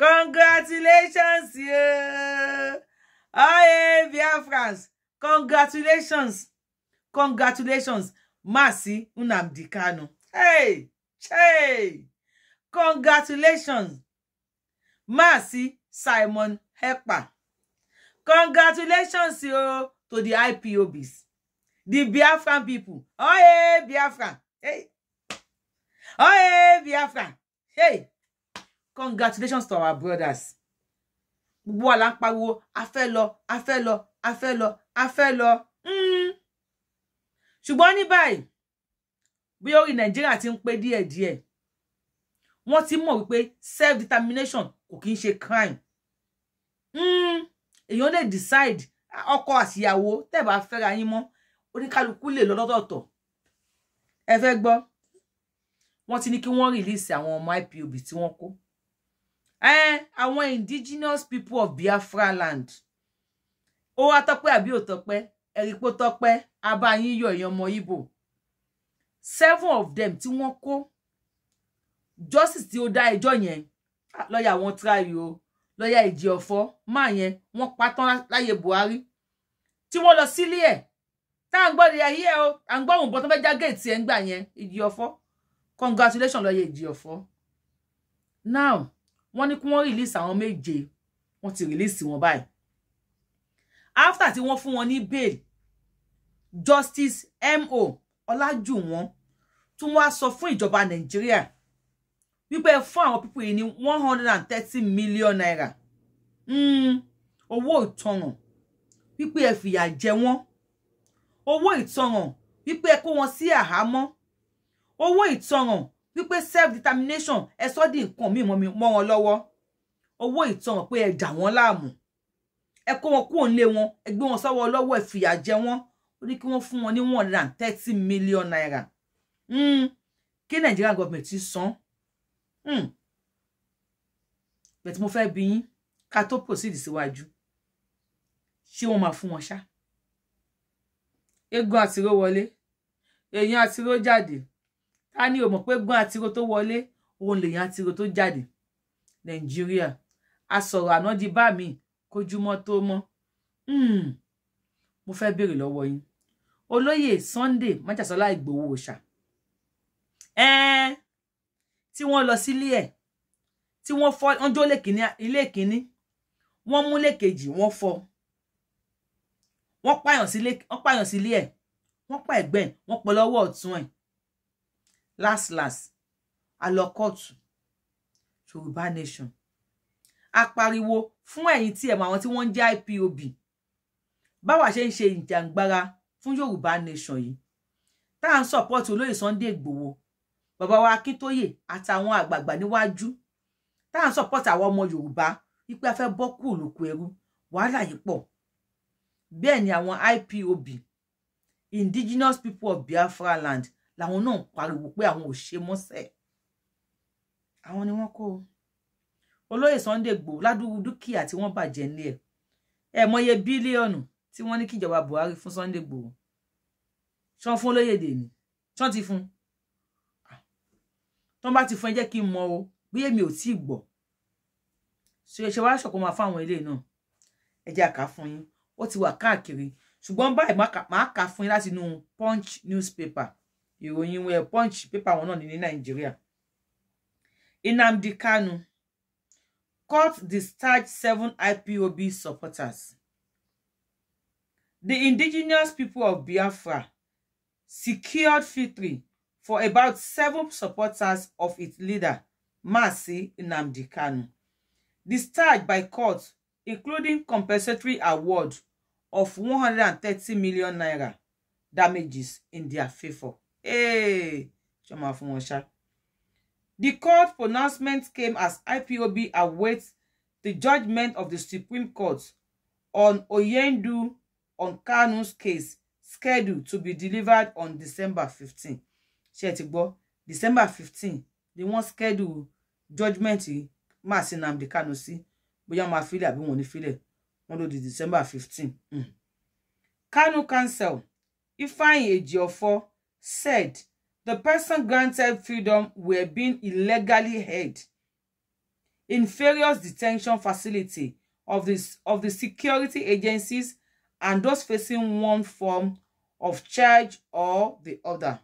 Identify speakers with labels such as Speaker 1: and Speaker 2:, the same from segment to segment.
Speaker 1: congratulations oye oh, hey, France. congratulations congratulations Mazi unamdi Kanu hey hey congratulations Mazi Simon Hepa. congratulations yo, to the IPOBs the Biafran people oye oh, hey, Biafra hey oye oh, hey, Biafra hey congratulations to our brothers gbogbo wa la ń pariwo a fẹ́ lọ a fẹ́ lọ a fẹ́ lọ a fẹ́ lọ hmm. ṣùgbọ́n ní báyìí bí orí nàìjíríà ti ń pé díẹ̀díẹ̀ wọ́n ti mọ̀ wípé self determination kò kí ń ṣe crime hmm. èèyàn lè decide ọkọ àtìyàwó tẹ́ẹ̀bá fẹ́ra yín mọ́ oníkálukú lè lọ lọ́tọ̀ọ̀tọ̀ ẹ fẹ́ gbọ́ wọ́n ti ní kí wọ́n release àwọn ọmọ IPOB tí wọ́n kó ẹ eh, àwọn indigenous people of Biafra land ó wá tọpẹ́ àbí ò tọpẹ́ ẹrí pé tọpẹ́ abáyín yọ èèyàn ọmọ Ìgbò seven of them tí wọ́n kó justice tí ó dá ẹjọ́ yẹn ah, lọ́ọ̀yà wọn tíráyì o lọ́ọ̀yà ìjì ọ̀fọ́ máa yẹn wọ́n patán láyé Buhari tí wọ́n lọ sílé ẹ̀ tá à ń gbọ́ ìyá yìí ẹ o à ń gbọ́ òun bọ́ tó fẹ́ já géètì ẹ̀ ń gbà congratulations lawyer ìjì ọ̀fọ́ now wọ́n ní kí wọ́n release àwọn méje wọ́n ti release wọn báyìí after tí wọ́n fún wọn ní bail justice mo ọlájúwọ̀n tún wá sọ fún ìjọba nàìjíríà wípé fún àwọn pípọ̀ yìí ní one hundred and thirty million naira hmm, owó ìtanràn wípé ẹ fìyà jẹ wọ́n owó ìtanràn wípé ẹ kó wọn sí àhámọ́ owó ìtanràn wípé self determination ẹ sọ di nǹkan míì mọ́ wọn lọ́wọ́ owó ìtanràn pé ẹ dà wọ́n láàmú ẹ kó wọn kúrò nílé wọn ẹ gbé wọn sọ́wọ́ lọ́wọ́ ẹ fìyà jẹ wọ́n ó ní kí wọ́n fún wọn ní one hundred and thirty million naira hmm, kí Nigerian government ti san Hmm. tí mo fẹ́ bi yín ká tó proceed síwájú ṣé wọ́n máa fún wọn ṣá eégún àtiró wọlé èèyàn àtiró jáde ká ní o mọ̀ pé gún àtiró tó wọlé òun lèèyàn àtiró tó jáde nàìjíríà asọ̀rọ̀ àná di bá mi kójúmọ́ tó mọ́ hmm. mo fẹ́ béèrè lọ́wọ́ yín olóyè Sunday májàsọ́lá Ìgbòho òòṣà tí wọ́n lọ sílé ẹ̀ tí wọ́n fọ́ wọ́n jó ilé kìíní wọ́n mú ilé kejì wọ́n fọ́ wọ́n pààyàn sílé ẹ̀ wọ́n pa ẹ̀gbẹ́ ẹ̀ wọ́n pọ̀ lọ́wọ́ ọ̀tún ẹ̀ last last alokotu to kóòtù yorùbá nation a pariwo fún ẹ̀yin tí ẹ mọ̀ àwọn tí wọ́n ń IPOB báwa ṣe ń ṣe ìjàngbara fún yorùbá nation yìí tá à ń sọpọ́tì olóyè Sunday Ìgbòho bàbá wa Akíntóyè àtàwọn àgbààgbà níwájú tá à ń sọpọ́tì àwọn ọmọ yorùbá wípé a fẹ́ bo. kúrò lóko ẹrú wàhálà yìí pọ̀ bẹ́ẹ̀ ni àwọn IPOB indigenous people of Biafra land làwọn náà ń pariwo pé àwọn ò ṣe mọ́sẹ̀ àwọn ni wọ́n kó olóyè Sunday Igboho ládùúgbò dúkìá tí wọ́n bàjẹ́ ní ẹ̀ ẹ̀ mọye bílíọ̀nù tí wọ́n ní kíjọba Buhari fún Sunday Igboho ṣan fún olóyè dèní ṣan ti fún tọ́n bá ti fún ẹ jẹ́ kí n mọ o bí èmi ò tíì gbọ́ ṣe ṣe wá ṣọ̀kan máa fáwọn ilé náà ẹ jẹ́ àká fún yín ó ti wà káàkiri ṣùgbọ́n báyìí máa kà fún yín láti inú Punch newspaper ìròyìn wọn punch pépà wọn náà ní ní nàìjíríà Nnamdi Kanu court discharged seven IPOB supporters the indigenous people of Biafra secured victory for about seven supporters of its leader Mazi Nnamdi Kanu discharged by court including compensatory award of 130 million naira damages in their favour ṣé máa fún wọn ṣá. The court pronouncement came as IPOB awaits the judgment of the Supreme Court on Oyendu on Kanu's case scheduled to be delivered on December 15. Ṣé ti gbọ́ December 15 the one scheduled judgment Mazi the Kanu sí bóyá wọ́n máa filẹ̀ àbí wọ́n ò ní filẹ̀ wọ́n ló di December 15. Mm. Kanu cancel Ifeanyi Ejiofor said the person granted freedom were being illegally held in various detention facility of the, of the security agencies and those facing one form of charge or the other.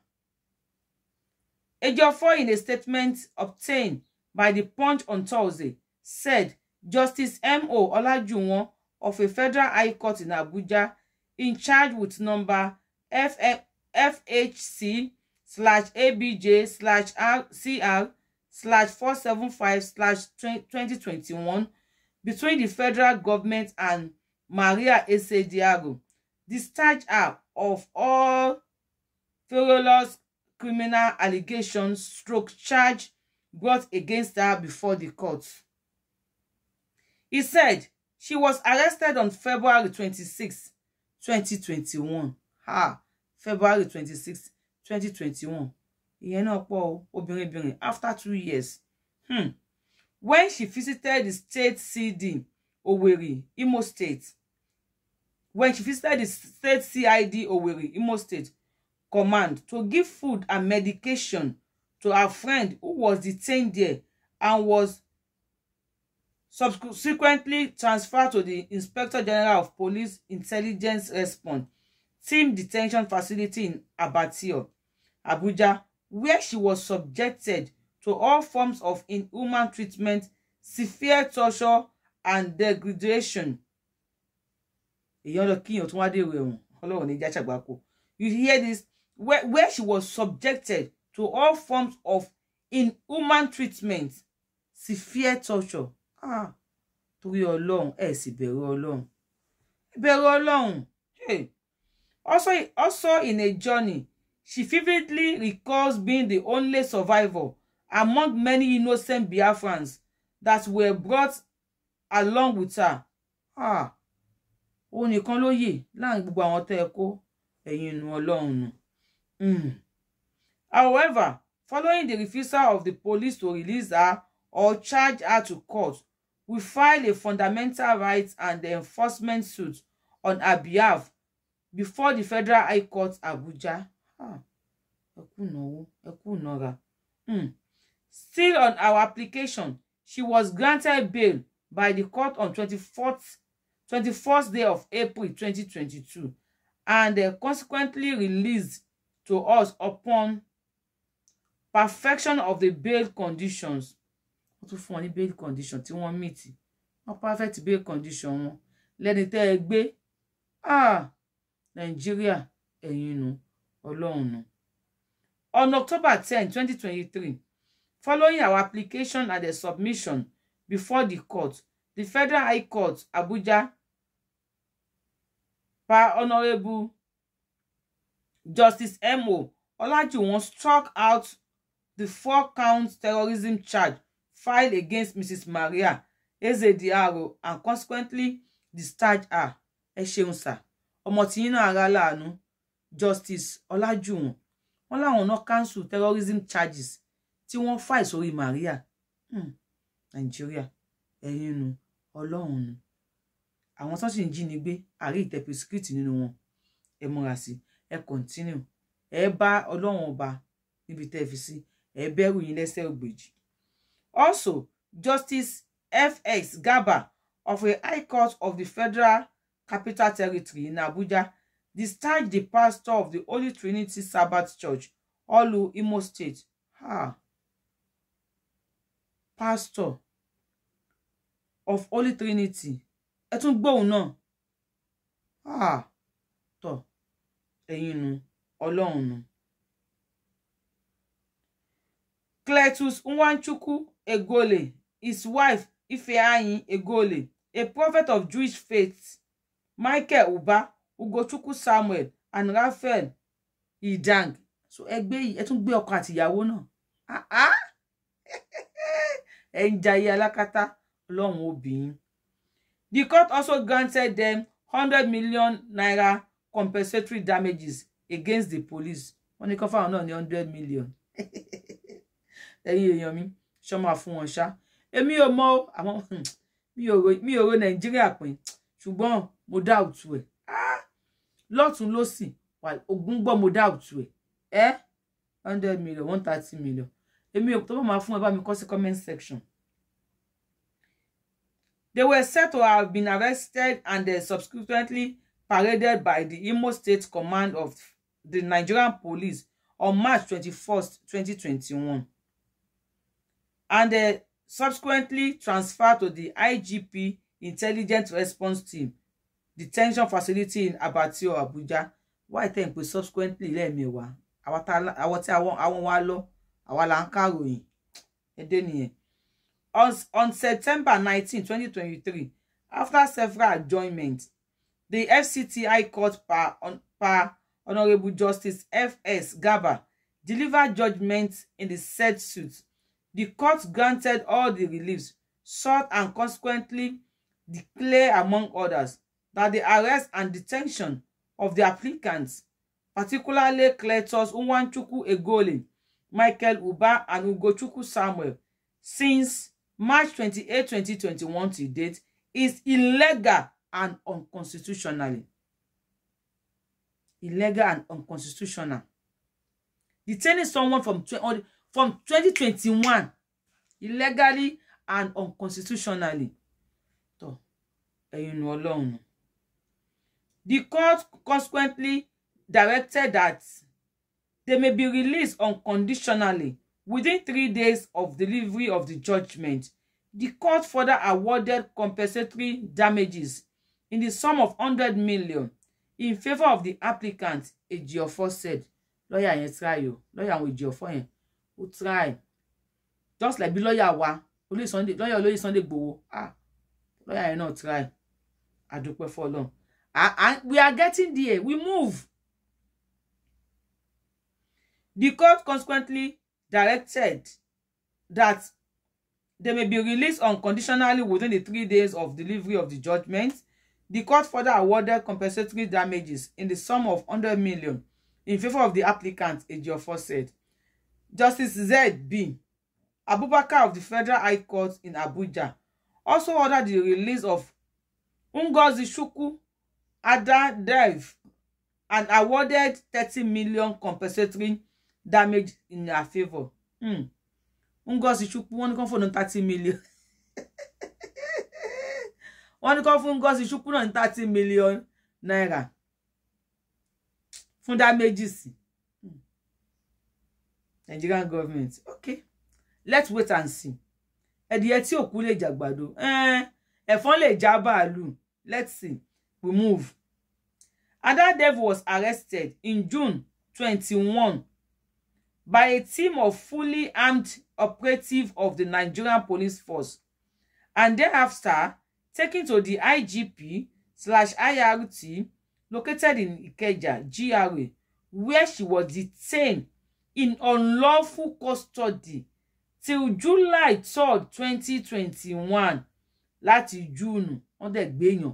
Speaker 1: Ejiofor, in a statement obtained by the Punch on Thursday, said Justice M.O. Olajuwon of a federal high court in Abuja, in charge with number FM fhc slash abj slash cr slash four seven five slash twenty twenty one between the federal government and maria ese diago discharge her of all frivolous criminal allegations stroke charge brought against her before the court. He said she was arrested on February 26, 2021. Ah, february twenty six twenty twenty one ìyẹn náà pọ̀ o obìnrin bìnrin after two years hmm. when she visited the state cd Owerri Imo State when she visited the state CID Owerri Imo State command to give food and medication to her friend who was detained there and was subsequently transferred to the Inspector General of Police Intelligence Response Team Detention Facility in Abattoir, Abuja, where she was subjected to all forms of inhuman treatment, severe torture, and degradation. You hear this? Where, where she was subjected to all forms of inhuman treatment, severe torture. Ah, to your long. Eh, sì bẹ̀rù long. Bẹ̀rù long. Hey. Also, also in a journey, she vividly recalls being the only survivor among many innocent Biafrans that were brought along with her. Ah, òun nìkan ló yè láàrin gbogbo hmm. However, following the refusal of the police to release her or charge her to court, we filed a fundamental rights and enforcement suit on her behalf before the Federal High Court Abuja ah, ẹkú ìnáwó hmm. still on our application she was granted bail by the court on 24th 21st day of April 2022 and uh, consequently released to us upon perfection of the bail conditions wọ́n funny fún wọn ní bail condition tí wọ́n meet wọ́n perfect bail condition Let lẹ́ni tẹ́ ẹ ah Nigeria, ẹ̀yin nu ọlọ́run nu. on october ten twenty twenty three following our application and the submission before the court the federal high court abuja pa honourable justice mo olajuwon struck out the four-count terrorism charge filed against mrs maria ezediaro and consequently discharged her ẹ ṣeun sir ọmọ tìyín náà ara láàánú justice ọlájúwọn wọn láwọn náà cancel terrorism charges tí wọ́n fà ìsórí maria hmm, nàìjíríà ẹ̀yin nu ọlọ́run nu àwọn tó sì ń jínigbé àrí ìtẹ̀pẹ̀síkìtì nínú wọn ẹ múra sí ẹ kọ̀ntínú ẹ bá ọlọ́run ọba níbi tẹ́ ẹ fi sí ẹ bẹ̀rù yín lẹ́sẹ̀ ògbèjì. also justice fx garba of a high court of the federal Capital Territory in Abuja, discharged the pastor of the Holy Trinity Sabbath Church, Olu, Imo State. Ah. Pastor of Holy Trinity. Ẹ tún gbóhùn náà. Ah. to. Ẹ̀yin Olonu. Ọlọ́run nu. Egole, his wife Ifeanyi Egole, a prophet of Jewish faith michael uba ugochukwu samuel and raphael idang so ẹgbẹ́ yìí ẹ tún gbé ọkọ àtìyàwó náà ẹ ń jayé alákatá ọlọ́run obìnrin the court also granted them hundred million naira compensatory damages against the police wọ́n ní kọ́ fáwọn náà ní hundred million ẹ̀yin èèyàn mi ṣọ́ máa fún wọn ṣá èmi ò mọ̀ àwọn mi ò ro nàìjíríà pin ṣùgbọ́n mo doubt ẹ̀ ah! lọ́tún lọ́sì ogún gbọ́ mo doubt ẹ̀ ẹ́ hundred million one thirty million èmi ò tó bá máa fún ẹ bá mi kọ́ sí comment section. They were said to have been arrested and uh, subsequently paraded by the Imo State Command of the Nigerian Police on March twenty twenty-one, And uh, subsequently transferred to the IGP intelligent response team detention facility in Abati or abuja wáyé tẹ̀ ń pè subsequently lẹ́ẹ̀mẹwàá àwọn tí àwọn wa lọ àwa là ń kàròyìn ẹdẹ nìyẹn on, on september nineteen twenty twenty three after several adjournments the fcti court per, on, per honourable justice fs Gaba delivered judgment in the said suit the court granted all the reliefs sought and consequently declare among others that the arrest and detention of the applicants, particularly Cletus Uwanchuku Egoli, Michael Uba, and Ugochuku Samuel, since March 28, 2021 to date, is illegal and unconstitutional. Illegal and unconstitutional. Detaining someone from, from 2021 illegally and unconstitutionally ẹ̀yìn ọlọ́run the court consequently directed that they may be released unconditionally within three days of delivery of the judgment the court further awarded compensatory damages in the sum of hundred million in favour of the applicant Ejiofor said "Lawyer, yẹn try o Lawyer àwọn Ejiofor yẹn ó try just like bí lawyer, wa lawyer Sunday lọ́ọ̀yà olóyè Sunday gbowó ah lawyer, yẹn náà try àdúpẹ́ fọlọ́n we are getting there we move the court consequently directed that they may be released unconditionally within the three days of delivery of the judgment the court further awarded compensatory damages in the sum of 100 million in favour of the applicant Ejiofor said Justice Z.B. Abubakar of the Federal High Court in Abuja also ordered the release of Ngozi Shuku, Ada Dive, and awarded 30 million compensatory damage in her favor. Mm. Ngozi Chukwu wọ́n come for fóònù 30 million. wọ́n ní kán fún Ngozi Shuku náà ní 30 million naira fún damages. Mm. Nigerian government. Okay. Let's wait and see. Ẹ̀dìyẹ tí òkú lè jàgbàdo. Ẹ̀fọn lè já bàálù let's see we move Adadev was arrested in June 21 by a team of fully armed operatives of the Nigerian police force and thereafter taken to the IGP slash IRT located in Ikeja, GRA, where she was detained in unlawful custody till July 3rd, 2021 láti June wọ́n dẹ̀ gbéyàn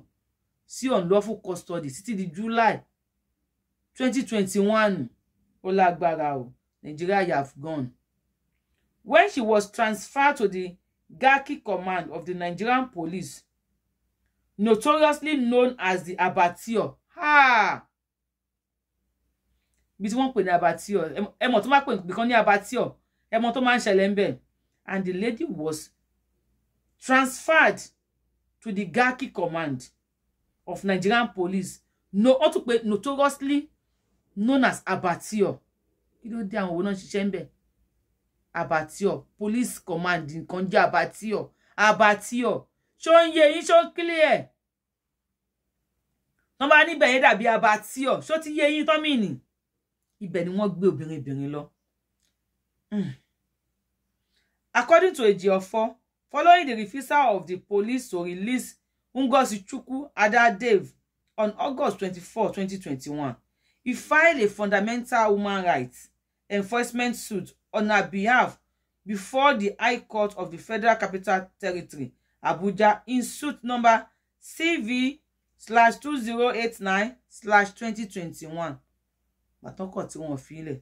Speaker 1: sí unlawful custody títí di July 2021 twenty ó lágbára o Nigeria have gone when she was transferred to the Garki command of the Nigerian police notoriously known as the abattoir ah! bí tí wọ́n pè ní abattoir ẹmọ tó máa pè nìkan ní abattoir ẹmọ tó máa ń ṣẹlẹ̀ ń bẹ̀ and the lady was transferred to the Garki command of Nigerian police no ó tún pé notoriously known as Abattoir you know dé are òun náà ṣiṣẹ́ ń bẹ̀ Abattoir police command nǹkan jẹ́ Abattoir Abattoir ṣó ń yẹ yín clear wọ́n bá be yẹn dàbí Abattoir ṣó ti yẹ yín tọ́mìnì ibẹ̀ ni wọ́n be obìnrin obìnrin lọ. Hmm. according to a Ejiofor following the refusal of the police to release Ngozi Chukwu-Adadeve on August 24, 2021, he filed a fundamental human rights enforcement suit on her behalf before the High Court of the Federal Capital Territory, Abuja, in suit number CV 2089 2021 But eight nine slash twenty twenty one pàtọ́kọ̀ tí wọ́n fi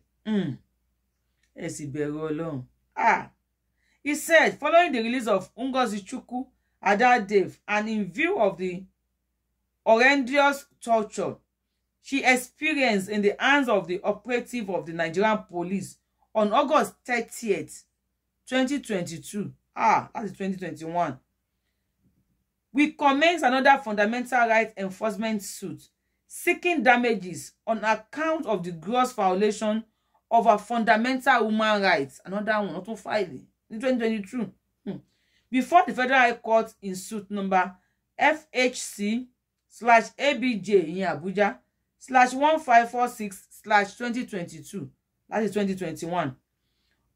Speaker 1: He said, following the release of Ngozi Chukwu at that and in view of the horrendous torture she experienced in the hands of the operative of the Nigerian police on August 30th, 2022, ah, that's 2021, we commence another fundamental rights enforcement suit seeking damages on account of the gross violation of our fundamental human rights. Another one, not to file it in 2022 hmm, before the Federal High Court in suit number FHC slash ABJ in Abuja slash 1546 slash 2022 that is 2021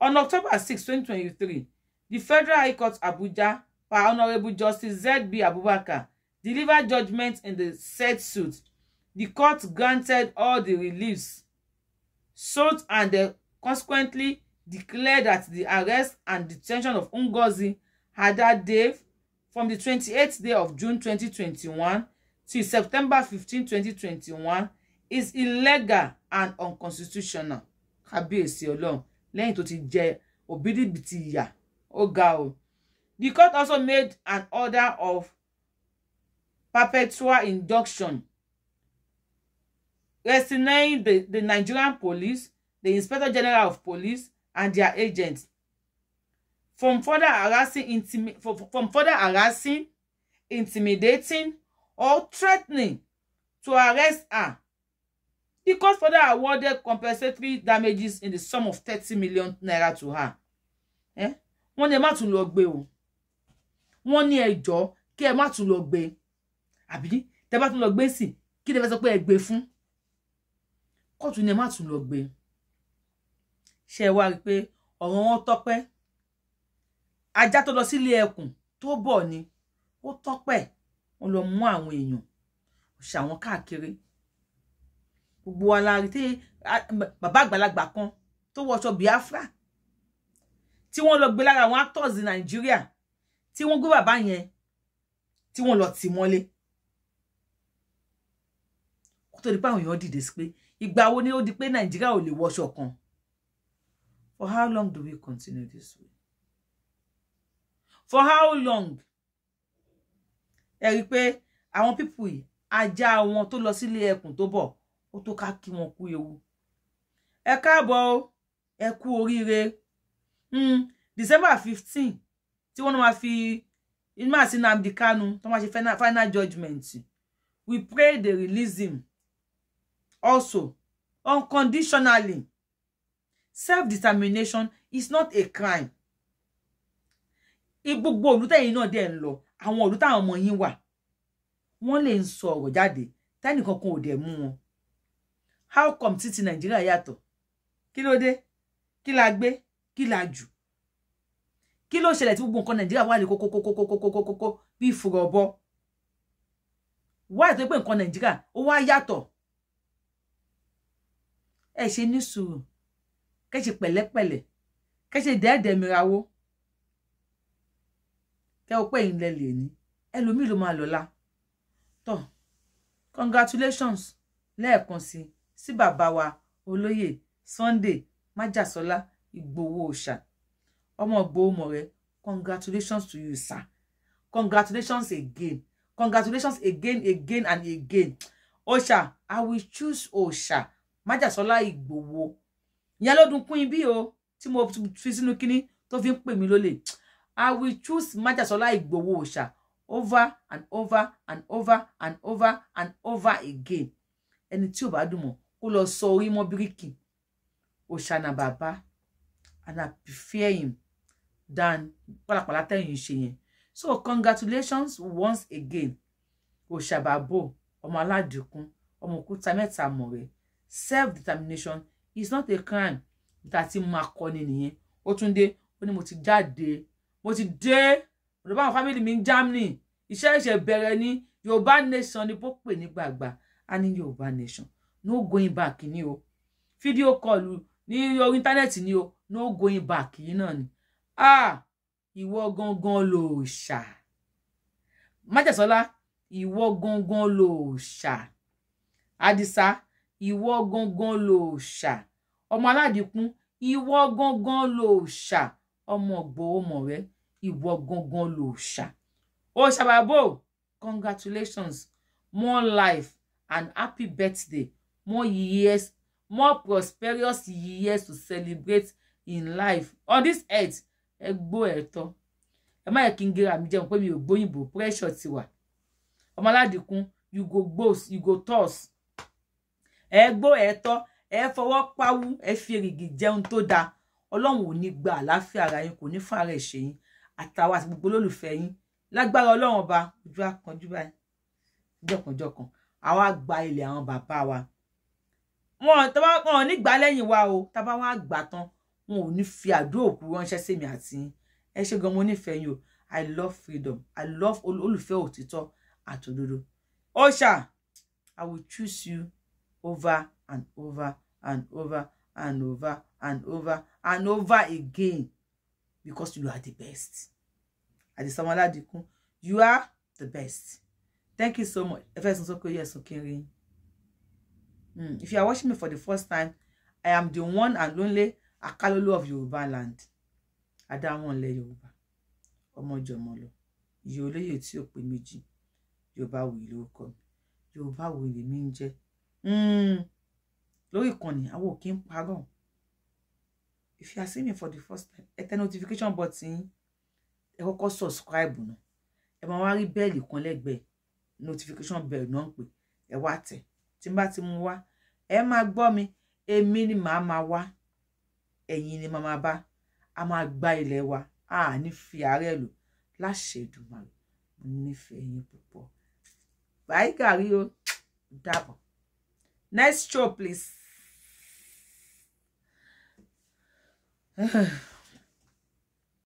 Speaker 1: on October 6 2023 the Federal High Court Abuja by Honourable Justice ZB Abubakar delivered judgment in the said suit the court granted all the reliefs sought and uh, consequently declared that the arrest and detention of Ngozi Adadave from the 28th day of June 2021 to September 15, 2021 is illegal and unconstitutional. Kábíyèsí Ọlọ́run lẹ́yìn tó ti jẹ òbítíbitì ìyà ó ga o. The court also made an order of perpetual induction, resigning the, the Nigerian police, the Inspector General of Police, and their agents from further harassing intimi from further harassing intimidating or threatening to arrest her the court further awarded compensatory damages in the sum of thirty million naira to her eh? wọ́n ní ẹ má tún lọ gbé o wọ́n ní ẹjọ́ kí ẹ má tún lọ gbé àbí tẹ́ bá tún lọ gbé sí kí lè fẹ́ sọ pé ẹ gbé fún kóòtù ní ẹ má tún lọ gbé ṣe wá rí i pé ọ̀rọ̀ wọn tọ́pẹ́ ajá tó lọ sílé ẹkùn tó bọ̀ ni ó tọ́pẹ́ wọn lọ mú àwọn èèyàn ṣàwọn káàkiri gbogbo wa la rí tí bàbá àgbàlagbà kan tó wọṣọ Biafra tí wọ́n lọ gbé lára àwọn actors Nàìjíríà tí wọ́n gbé bàbá yẹn tí wọ́n lọ tì mọ́lé kó tó di pé àwọn èèyàn dìde sí pé ìgbà wo ni ó di pé Nàìjíríà ò lè wọṣọ kan For how long do we continue this way? For how long? Ẹ rí i pé people. pípù yìí ajá to tó lọ sílé ẹkùn tó bọ̀ ó tó ká kí wọn kú ewu. Ẹ káàbọ̀ o, ẹ kú oríire. Hmm, December fifteen tí wọ́n máa fi inú àti Nnamdi Kanu tó máa ṣe final judgment. We pray they release him also unconditionally self-determination is not a crime gbogbo olùtẹ̀yìn náà dẹ̀ ń lọ àwọn olùtàwọn ọmọ yín wà wọ́n lè ń sọ ọ̀rọ̀ jáde tẹ́nìkan kan ò dẹ̀ mú wọn how come títí nàìjíríà yàtọ̀ kí ló dé kí la gbé kí la jù kí ló ṣẹlẹ̀ tí gbogbo nǹkan nàìjíríà wà lè kókókókókókókókó bí ìfúrọ̀ ọbọ wá ìtọ́ pé nǹkan nàìjíríà ó wá yàtọ̀ ẹ ṣe ní sùúrù kẹ́ ṣe pẹ̀lẹ́pẹ̀lẹ́ kẹ́ ṣe dẹ́ẹ̀dẹ̀mìrawó kẹ́ o pé yín lẹ lè ní ẹlòmíì ló máa lọ́la tó congratulations lẹ́ẹ̀kan sí sí bàbá wa olóyè Sunday májàsọ́lá ìgbòho òòṣà ọmọ ìgbòho mọ̀rẹ́ congratulations to you sir congratulations again congratulations again again and again òòṣà i will choose òòṣà májàsọ́lá ìgbòho ìyẹn ló dun Queen Bee o tí mo fi sínú kínní tó fi ń pè mí lólè i will choose májàsọlá ìgbòho òòṣà over and over and over and over and over again ẹni tí ò bá dùn mọ́ kó lọ sọ orí mọ́ bíríkì òòṣà na bàbá and i prefer him than pàlàpàlà tẹ̀yìn ṣe yẹn so congratulations once again òòṣà bàbò ọmọ aládìkún ọmọ òkúta mẹ́ta mọ̀rẹ́ self determination it's not a crime that ti máa kọ ni nìyẹn ó tún dé ó ní mo ti jáde mo ti dé ọ̀dọ̀ báwọn family mi ń Germany iṣẹ́ ìṣẹ̀ bẹ̀rẹ̀ ní Yorùbá nation ni bó pè ní gbàgbà a ní Yorùbá nation no going back ni o fídíò kọlù ní orí íńtánẹ́ẹ̀tì ni o no going back yìí náà ni ah ìwọ gangan lò ṣà májèsọlá ìwọ gangan lò ṣà Àdìsá ìwọ gangan lòòṣà ọmọ aládìkún ìwọ gangan lòòṣà ọmọ Ìgbòho Mọ̀rẹ́ ìwọ gangan lòòṣà òòṣà bàbá o congratulations more life and happy birthday more years more prosperous years to celebrate in life on this earth ẹ gbọ́ ẹ̀tọ́ ẹ má yẹ kí n gera mi jẹun pé mi ò gbóyìnbó pressure ti wà ọmọ aládìkún you go gbó you go toss ẹ gbó ẹ tọ́ ẹ fọwọ́ pawú ẹ fi èrìgì jẹun tó dáa ọlọ́run ò ní gba àlàáfíà ara yín kò ní fún ara ẹ̀ṣẹ̀ yín àtàwọn àti gbogbo olólùfẹ́ yín lágbára ọlọ́run ọba ojú àkànjú báyìí jọ̀kànjọ̀kàn àwa gba ilẹ̀ àwọn bàbá wa wọn tó bá wọn ò ní gbà lẹ́yìn wa o tá a bá wọn á gbà tán wọn ò ní fi àdó òkú ránṣẹ́ sí mi àti yín ẹ ṣe gan mo nífẹ̀ẹ́ yín o i love freedom i love olùfẹ́ òtítọ́ àtòdodo ọṣà i will choose you over and over and over and over and over and over again because you are the best samola Oladikun you are the best thank you so much efesun sọ pé yes okinrin mm. if you are watching me for the first time i am the one and only akalolo of Yoruba land adáwọnlẹ Yorùbá ọmọjọmọlọ iye olóyè tí ò pé méjì Yorùbá wuyì lórúkọ mi Yorùbá wuyì lèmi ń jẹ́ Hmm. lórí ìkànnì àwọn ò kí ń parọ́ if you are seeing me for the first time ẹ tẹ notification button ẹ kọ́kọ́ subscribe náà ẹ máa wá rí bẹ́ẹ̀lì kan lẹ́gbẹ̀ẹ́ notification bell náà ń pè ẹ wá tẹ̀ tí n bá ti mú wá ẹ máa gbọ́ mi èmi ni màá máa wá ẹ̀yin ni màá máa bá a máa gba ilẹ̀ wa a ní fi àárẹ̀ lò láṣẹ Èdùmàrè mo nífẹ̀ẹ́ yín púpọ̀ báyìí gàrí o dàbọ̀. Next show, please.